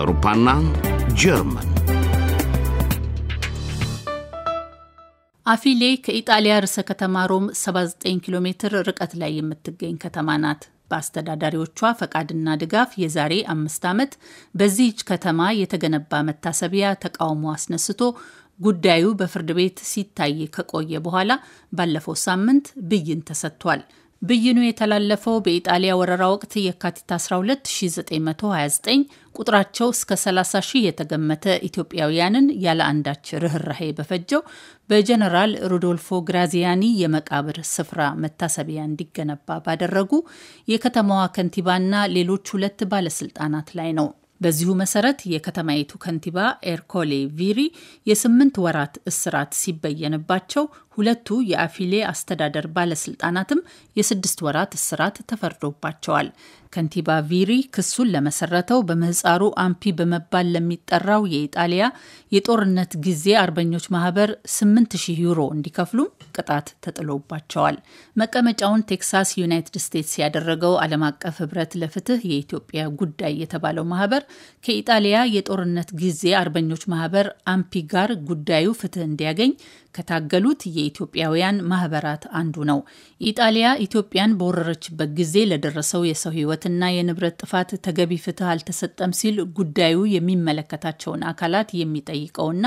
አውሮፓና ጀርመን አፊሌ ከኢጣሊያ ርዕሰ ከተማ ሮም 79 ኪሎ ሜትር ርቀት ላይ የምትገኝ ከተማ ናት። በአስተዳዳሪዎቿ ፈቃድና ድጋፍ የዛሬ አምስት ዓመት በዚህች ከተማ የተገነባ መታሰቢያ ተቃውሞ አስነስቶ ጉዳዩ በፍርድ ቤት ሲታይ ከቆየ በኋላ ባለፈው ሳምንት ብይን ተሰጥቷል። ብይኑ የተላለፈው በኢጣሊያ ወረራ ወቅት የካቲት 12 1929 ቁጥራቸው እስከ 30 ሺህ የተገመተ ኢትዮጵያውያንን ያለ አንዳች ርኅራሄ በፈጀው በጀነራል ሩዶልፎ ግራዚያኒ የመቃብር ስፍራ መታሰቢያ እንዲገነባ ባደረጉ የከተማዋ ከንቲባና ሌሎች ሁለት ባለስልጣናት ላይ ነው። በዚሁ መሰረት የከተማይቱ ከንቲባ ኤርኮሌ ቪሪ የስምንት ወራት እስራት ሲበየንባቸው ሁለቱ የአፊሌ አስተዳደር ባለስልጣናትም የስድስት ወራት እስራት ተፈርዶባቸዋል። ከንቲባ ቪሪ ክሱን ለመሰረተው በምህፃሩ አምፒ በመባል ለሚጠራው የኢጣሊያ የጦርነት ጊዜ አርበኞች ማህበር 8000 ዩሮ እንዲከፍሉም ቅጣት ተጥሎባቸዋል። መቀመጫውን ቴክሳስ ዩናይትድ ስቴትስ ያደረገው ዓለም አቀፍ ህብረት ለፍትህ የኢትዮጵያ ጉዳይ የተባለው ማህበር ከኢጣሊያ የጦርነት ጊዜ አርበኞች ማህበር አምፒ ጋር ጉዳዩ ፍትህ እንዲያገኝ ከታገሉት የኢትዮጵያውያን ማህበራት አንዱ ነው። ኢጣሊያ ኢትዮጵያን በወረረችበት ጊዜ ለደረሰው የሰው ህይወትና የንብረት ጥፋት ተገቢ ፍትህ አልተሰጠም ሲል ጉዳዩ የሚመለከታቸውን አካላት የሚጠይቀውና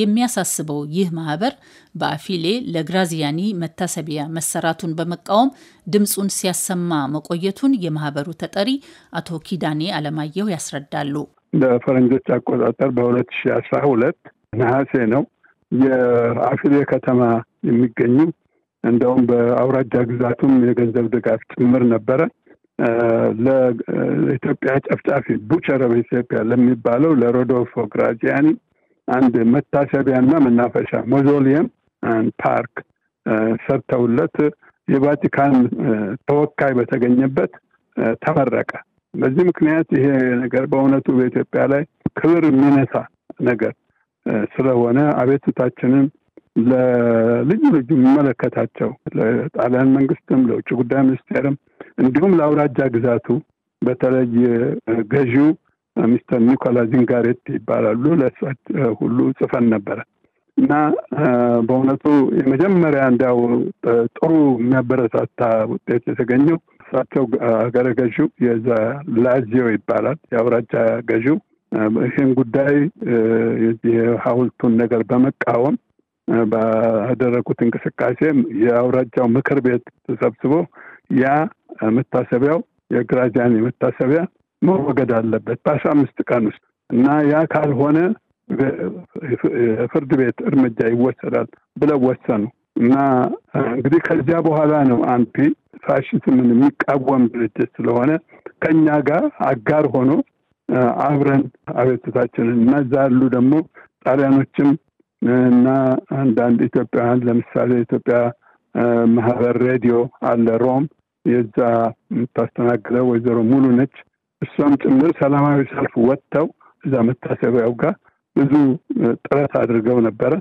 የሚያሳስበው ይህ ማህበር በአፊሌ ለግራዚያኒ መታሰቢያ መሰራቱን በመቃወም ድምፁን ሲያሰማ መቆየቱን የማህበሩ ተጠሪ አቶ ኪዳኔ አለማየሁ ያስረዳሉ። በፈረንጆች አቆጣጠር በሁለት ሺ አስራ ሁለት ነሐሴ ነው የአፊሌ ከተማ የሚገኙ እንደውም በአውራጃ ግዛቱም የገንዘብ ድጋፍ ጭምር ነበረ ለኢትዮጵያ ጨፍጫፊ ቡቸር ኦፍ ኢትዮጵያ ለሚባለው ለሮዶልፎ ግራዚያኒ አንድ መታሰቢያና መናፈሻ ሞዞሊየም ፓርክ ሰርተውለት የቫቲካን ተወካይ በተገኘበት ተመረቀ። በዚህ ምክንያት ይሄ ነገር በእውነቱ በኢትዮጵያ ላይ ክብር የሚነሳ ነገር ስለሆነ አቤቱታችንን ለልዩ ልዩ የሚመለከታቸው ለጣሊያን መንግስትም ለውጭ ጉዳይ ሚኒስቴርም እንዲሁም ለአውራጃ ግዛቱ በተለይ ገዢው ሚስተር ኒኮላ ዚንጋሬት ይባላሉ። ለእሳቸው ሁሉ ጽፈን ነበረ እና በእውነቱ የመጀመሪያ እንዲያው ጥሩ የሚያበረታታ ውጤት የተገኘው እሳቸው አገረ ገዢው የዛ ላዚዮ ይባላል የአውራጃ ገዢው ይህን ጉዳይ የዚህ የሐውልቱን ነገር በመቃወም ባደረጉት እንቅስቃሴ የአውራጃው ምክር ቤት ተሰብስቦ ያ መታሰቢያው የግራጃን መታሰቢያ መወገድ አለበት በአስራ አምስት ቀን ውስጥ እና ያ ካልሆነ ፍርድ ቤት እርምጃ ይወሰዳል ብለው ወሰኑ እና እንግዲህ ከዚያ በኋላ ነው አንፒ ፋሽዝምን የሚቃወም ድርጅት ስለሆነ ከእኛ ጋር አጋር ሆኖ አብረን አቤቱታችንን እና እዛ ያሉ ደግሞ ጣሊያኖችም እና አንዳንድ ኢትዮጵያውያን ለምሳሌ ኢትዮጵያ ማህበር ሬዲዮ አለ ሮም የዛ የምታስተናግደው ወይዘሮ ሙሉ ነች። እሷም ጭምር ሰላማዊ ሰልፍ ወጥተው እዛ መታሰቢያው ጋር ብዙ ጥረት አድርገው ነበረ።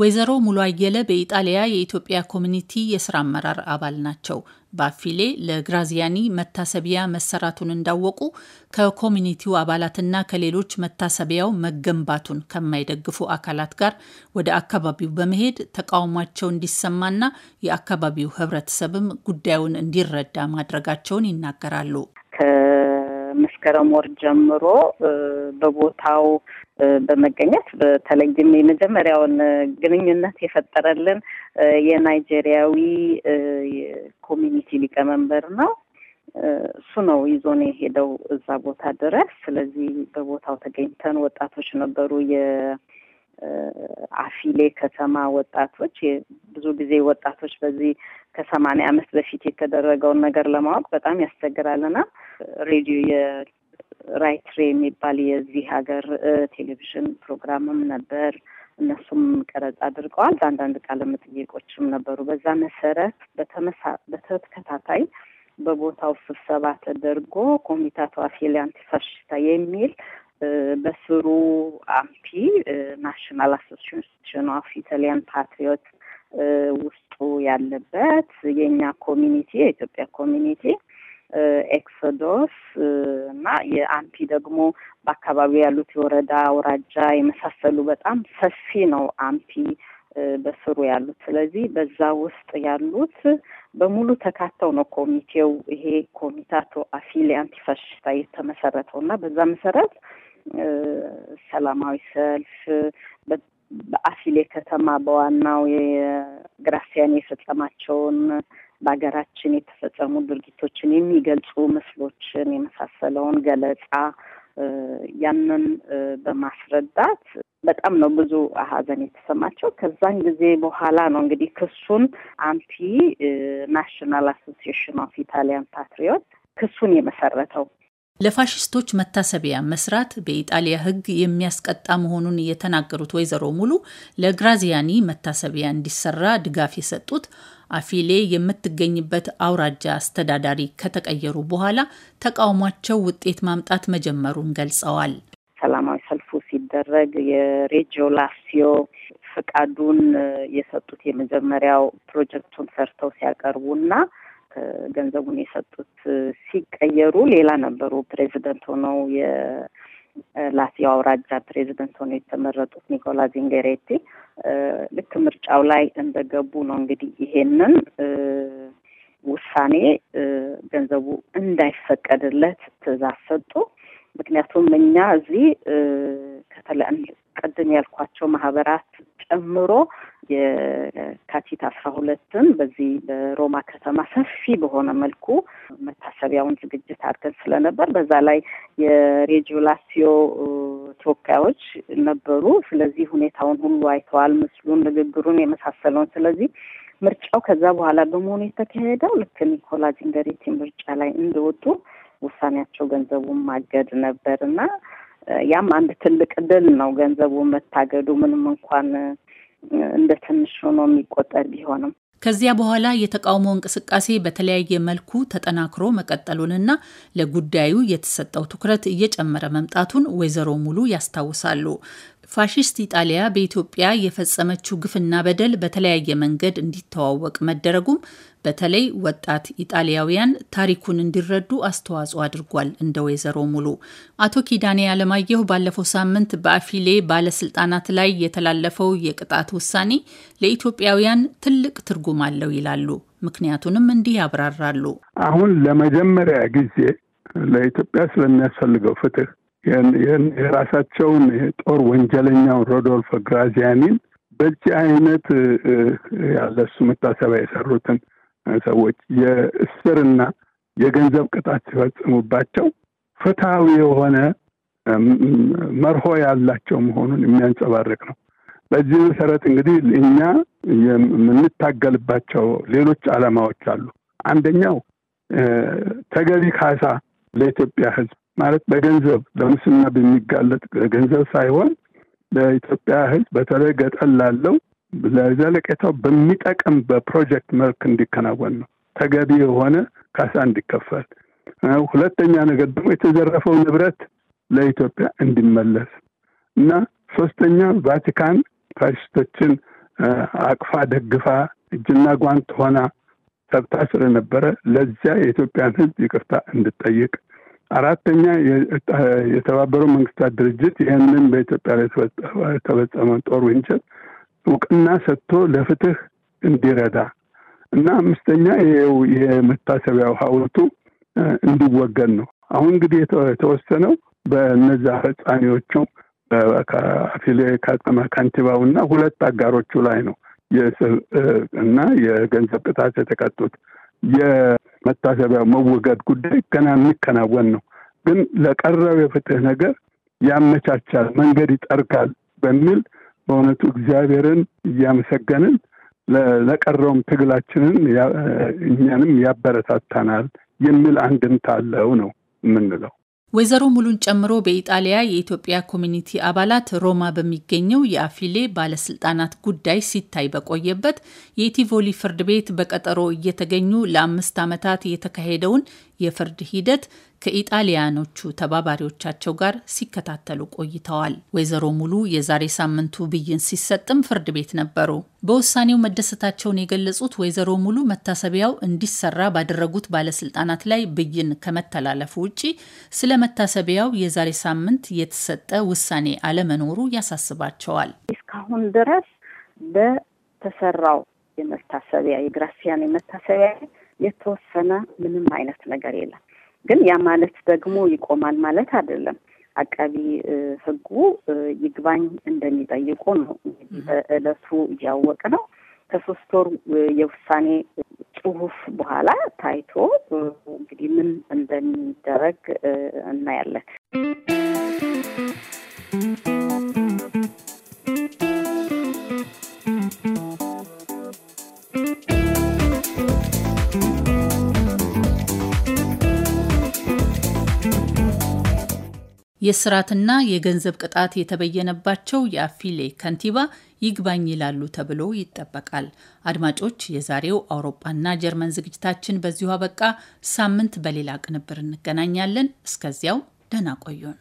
ወይዘሮ ሙሉ አየለ በኢጣሊያ የኢትዮጵያ ኮሚኒቲ የስራ አመራር አባል ናቸው። ባፊሌ ለግራዚያኒ መታሰቢያ መሰራቱን እንዳወቁ ከኮሚኒቲው አባላትና ከሌሎች መታሰቢያው መገንባቱን ከማይደግፉ አካላት ጋር ወደ አካባቢው በመሄድ ተቃውሟቸው እንዲሰማና የአካባቢው ሕብረተሰብም ጉዳዩን እንዲረዳ ማድረጋቸውን ይናገራሉ። ከመስከረም ወር ጀምሮ በቦታው በመገኘት በተለይም የመጀመሪያውን ግንኙነት የፈጠረልን የናይጄሪያዊ ኮሚኒቲ ሊቀመንበር ነው። እሱ ነው ይዞን የሄደው እዛ ቦታ ድረስ። ስለዚህ በቦታው ተገኝተን ወጣቶች ነበሩ የአፊሌ ከተማ ወጣቶች ብዙ ጊዜ ወጣቶች በዚህ ከሰማንያ ዓመት በፊት የተደረገውን ነገር ለማወቅ በጣም ያስቸግራልና ሬዲዮ ራይትሬ የሚባል የዚህ ሀገር ቴሌቪዥን ፕሮግራምም ነበር። እነሱም ቀረጻ አድርገዋል። አንዳንድ ቃለ መጠይቆችም ነበሩ። በዛ መሰረት በተከታታይ በቦታው ስብሰባ ተደርጎ ኮሚታቶ አፌሌ አንቲፋሽስታ የሚል በስሩ አምፒ ናሽናል አሶሲሽን ኦፍ ኢታሊያን ፓትሪዮት ውስጡ ያለበት የእኛ ኮሚኒቲ የኢትዮጵያ ኮሚኒቲ ኤክሶዶስ እና የአንቲ ደግሞ በአካባቢው ያሉት የወረዳ አውራጃ የመሳሰሉ በጣም ሰፊ ነው አምፒ በስሩ ያሉት። ስለዚህ በዛ ውስጥ ያሉት በሙሉ ተካተው ነው ኮሚቴው ይሄ ኮሚታቶ አፊል አንቲፋሽስታ የተመሰረተው እና በዛ መሰረት ሰላማዊ ሰልፍ በአፊሌ ከተማ በዋናው የግራሲያን የፈጸማቸውን በሀገራችን የተፈጸሙ ድርጊቶችን የሚገልጹ ምስሎችን የመሳሰለውን ገለጻ ያንን በማስረዳት በጣም ነው ብዙ ሀዘን የተሰማቸው። ከዛን ጊዜ በኋላ ነው እንግዲህ ክሱን አንቲ ናሽናል አሶሲሽን ኦፍ ኢታሊያን ፓትሪዮት ክሱን የመሰረተው። ለፋሽስቶች መታሰቢያ መስራት በኢጣሊያ ሕግ የሚያስቀጣ መሆኑን የተናገሩት ወይዘሮ ሙሉ ለግራዚያኒ መታሰቢያ እንዲሰራ ድጋፍ የሰጡት አፊሌ የምትገኝበት አውራጃ አስተዳዳሪ ከተቀየሩ በኋላ ተቃውሟቸው ውጤት ማምጣት መጀመሩን ገልጸዋል። ሰላማዊ ሰልፉ ሲደረግ የሬጂዮ ላሲዮ ፍቃዱን የሰጡት የመጀመሪያው ፕሮጀክቱን ሰርተው ሲያቀርቡ እና ገንዘቡን የሰጡት ሲቀየሩ ሌላ ነበሩ። ፕሬዚደንት ሆነው ላሲ አውራጃ ፕሬዚደንት ሆነው የተመረጡት ኒኮላ ዚንጌሬቲ ልክ ምርጫው ላይ እንደገቡ ነው እንግዲህ ይሄንን ውሳኔ ገንዘቡ እንዳይፈቀድለት ትዕዛዝ ሰጡ። ምክንያቱም እኛ እዚህ ከተለ ቅድም ያልኳቸው ማህበራት ጨምሮ የካቲት አስራ ሁለትን በዚህ በሮማ ከተማ ሰፊ በሆነ መልኩ መታሰቢያውን ዝግጅት አድርገን ስለነበር በዛ ላይ የሬጂዮ ላሲዮ ተወካዮች ነበሩ። ስለዚህ ሁኔታውን ሁሉ አይተዋል። ምስሉን፣ ንግግሩን የመሳሰለውን ስለዚህ ምርጫው ከዛ በኋላ በመሆኑ የተካሄደው ልክ ኒኮላ እንደሬቲ ምርጫ ላይ እንደወጡ ውሳኔያቸው ገንዘቡን ማገድ ነበር እና ያም አንድ ትልቅ ድል ነው። ገንዘቡ መታገዱ ምንም እንኳን እንደ ትንሽ ሆኖ የሚቆጠር ቢሆንም ከዚያ በኋላ የተቃውሞ እንቅስቃሴ በተለያየ መልኩ ተጠናክሮ መቀጠሉንና ለጉዳዩ የተሰጠው ትኩረት እየጨመረ መምጣቱን ወይዘሮ ሙሉ ያስታውሳሉ። ፋሽስት ኢጣሊያ በኢትዮጵያ የፈጸመችው ግፍና በደል በተለያየ መንገድ እንዲተዋወቅ መደረጉም በተለይ ወጣት ኢጣሊያውያን ታሪኩን እንዲረዱ አስተዋጽኦ አድርጓል። እንደ ወይዘሮ ሙሉ አቶ ኪዳኔ አለማየሁ ባለፈው ሳምንት በአፊሌ ባለስልጣናት ላይ የተላለፈው የቅጣት ውሳኔ ለኢትዮጵያውያን ትልቅ ትርጉም አለው ይላሉ። ምክንያቱንም እንዲህ ያብራራሉ። አሁን ለመጀመሪያ ጊዜ ለኢትዮጵያ ስለሚያስፈልገው ፍትህ የራሳቸውን ጦር ወንጀለኛውን ሮዶልፍ ግራዚያኒን በዚህ አይነት ያለ እሱ መታሰቢያ የሰሩትን ሰዎች የእስርና የገንዘብ ቅጣት ሲፈጽሙባቸው ፍትሐዊ የሆነ መርሆ ያላቸው መሆኑን የሚያንጸባርቅ ነው። በዚህ መሰረት እንግዲህ እኛ የምንታገልባቸው ሌሎች ዓላማዎች አሉ። አንደኛው ተገቢ ካሳ ለኢትዮጵያ ህዝብ ማለት በገንዘብ ለሙስና በሚጋለጥ ገንዘብ ሳይሆን ለኢትዮጵያ ሕዝብ በተለይ ገጠር ላለው ለዘለቄታው በሚጠቅም በፕሮጀክት መልክ እንዲከናወን ነው ተገቢ የሆነ ካሳ እንዲከፈል። ሁለተኛ ነገር ደግሞ የተዘረፈው ንብረት ለኢትዮጵያ እንዲመለስ እና ሶስተኛ ቫቲካን ፋሽስቶችን አቅፋ ደግፋ እጅና ጓንት ሆና ሰብታ ስለነበረ ለዚያ የኢትዮጵያን ህዝብ ይቅርታ እንድጠይቅ አራተኛ የተባበሩ መንግስታት ድርጅት ይህንን በኢትዮጵያ ላይ የተፈጸመ ጦር ወንጀል እውቅና ሰጥቶ ለፍትህ እንዲረዳ እና አምስተኛ የመታሰቢያ የመታሰቢያው ሐውልቱ እንዲወገድ ነው። አሁን እንግዲህ የተወሰነው በነዛ ፈጻሚዎቹ ከአፊሌ ከተማ ከንቲባው እና ሁለት አጋሮቹ ላይ ነው እና የገንዘብ ቅጣት የተቀጡት የመታሰቢያ መወገድ ጉዳይ ገና የሚከናወን ነው። ግን ለቀረው የፍትህ ነገር ያመቻቻል፣ መንገድ ይጠርጋል በሚል በእውነቱ እግዚአብሔርን እያመሰገንን ለቀረውም ትግላችንን እኛንም ያበረታታናል የሚል አንድምታ አለው ነው የምንለው። ወይዘሮ ሙሉን ጨምሮ በኢጣሊያ የኢትዮጵያ ኮሚኒቲ አባላት ሮማ በሚገኘው የአፊሌ ባለስልጣናት ጉዳይ ሲታይ በቆየበት የቲቮሊ ፍርድ ቤት በቀጠሮ እየተገኙ ለአምስት ዓመታት የተካሄደውን የፍርድ ሂደት ከኢጣሊያኖቹ ተባባሪዎቻቸው ጋር ሲከታተሉ ቆይተዋል። ወይዘሮ ሙሉ የዛሬ ሳምንቱ ብይን ሲሰጥም ፍርድ ቤት ነበሩ። በውሳኔው መደሰታቸውን የገለጹት ወይዘሮ ሙሉ መታሰቢያው እንዲሰራ ባደረጉት ባለስልጣናት ላይ ብይን ከመተላለፉ ውጪ ስለ መታሰቢያው የዛሬ ሳምንት የተሰጠ ውሳኔ አለመኖሩ ያሳስባቸዋል። እስካሁን ድረስ በተሰራው የመታሰቢያ የግራሲያን የመታሰቢያ የተወሰነ ምንም አይነት ነገር የለም። ግን ያ ማለት ደግሞ ይቆማል ማለት አይደለም። አቃቢ ህጉ ይግባኝ እንደሚጠይቁ ነው በእለቱ እያወቅ ነው ከሶስት ወር የውሳኔ ጽሁፍ በኋላ ታይቶ እንግዲህ ምን እንደሚደረግ እናያለን። የስራትና የገንዘብ ቅጣት የተበየነባቸው የአፊሌ ከንቲባ ይግባኝ ይላሉ ተብሎ ይጠበቃል። አድማጮች፣ የዛሬው አውሮፓና ጀርመን ዝግጅታችን በዚሁ አበቃ። ሳምንት በሌላ ቅንብር እንገናኛለን። እስከዚያው ደህና ቆዩን።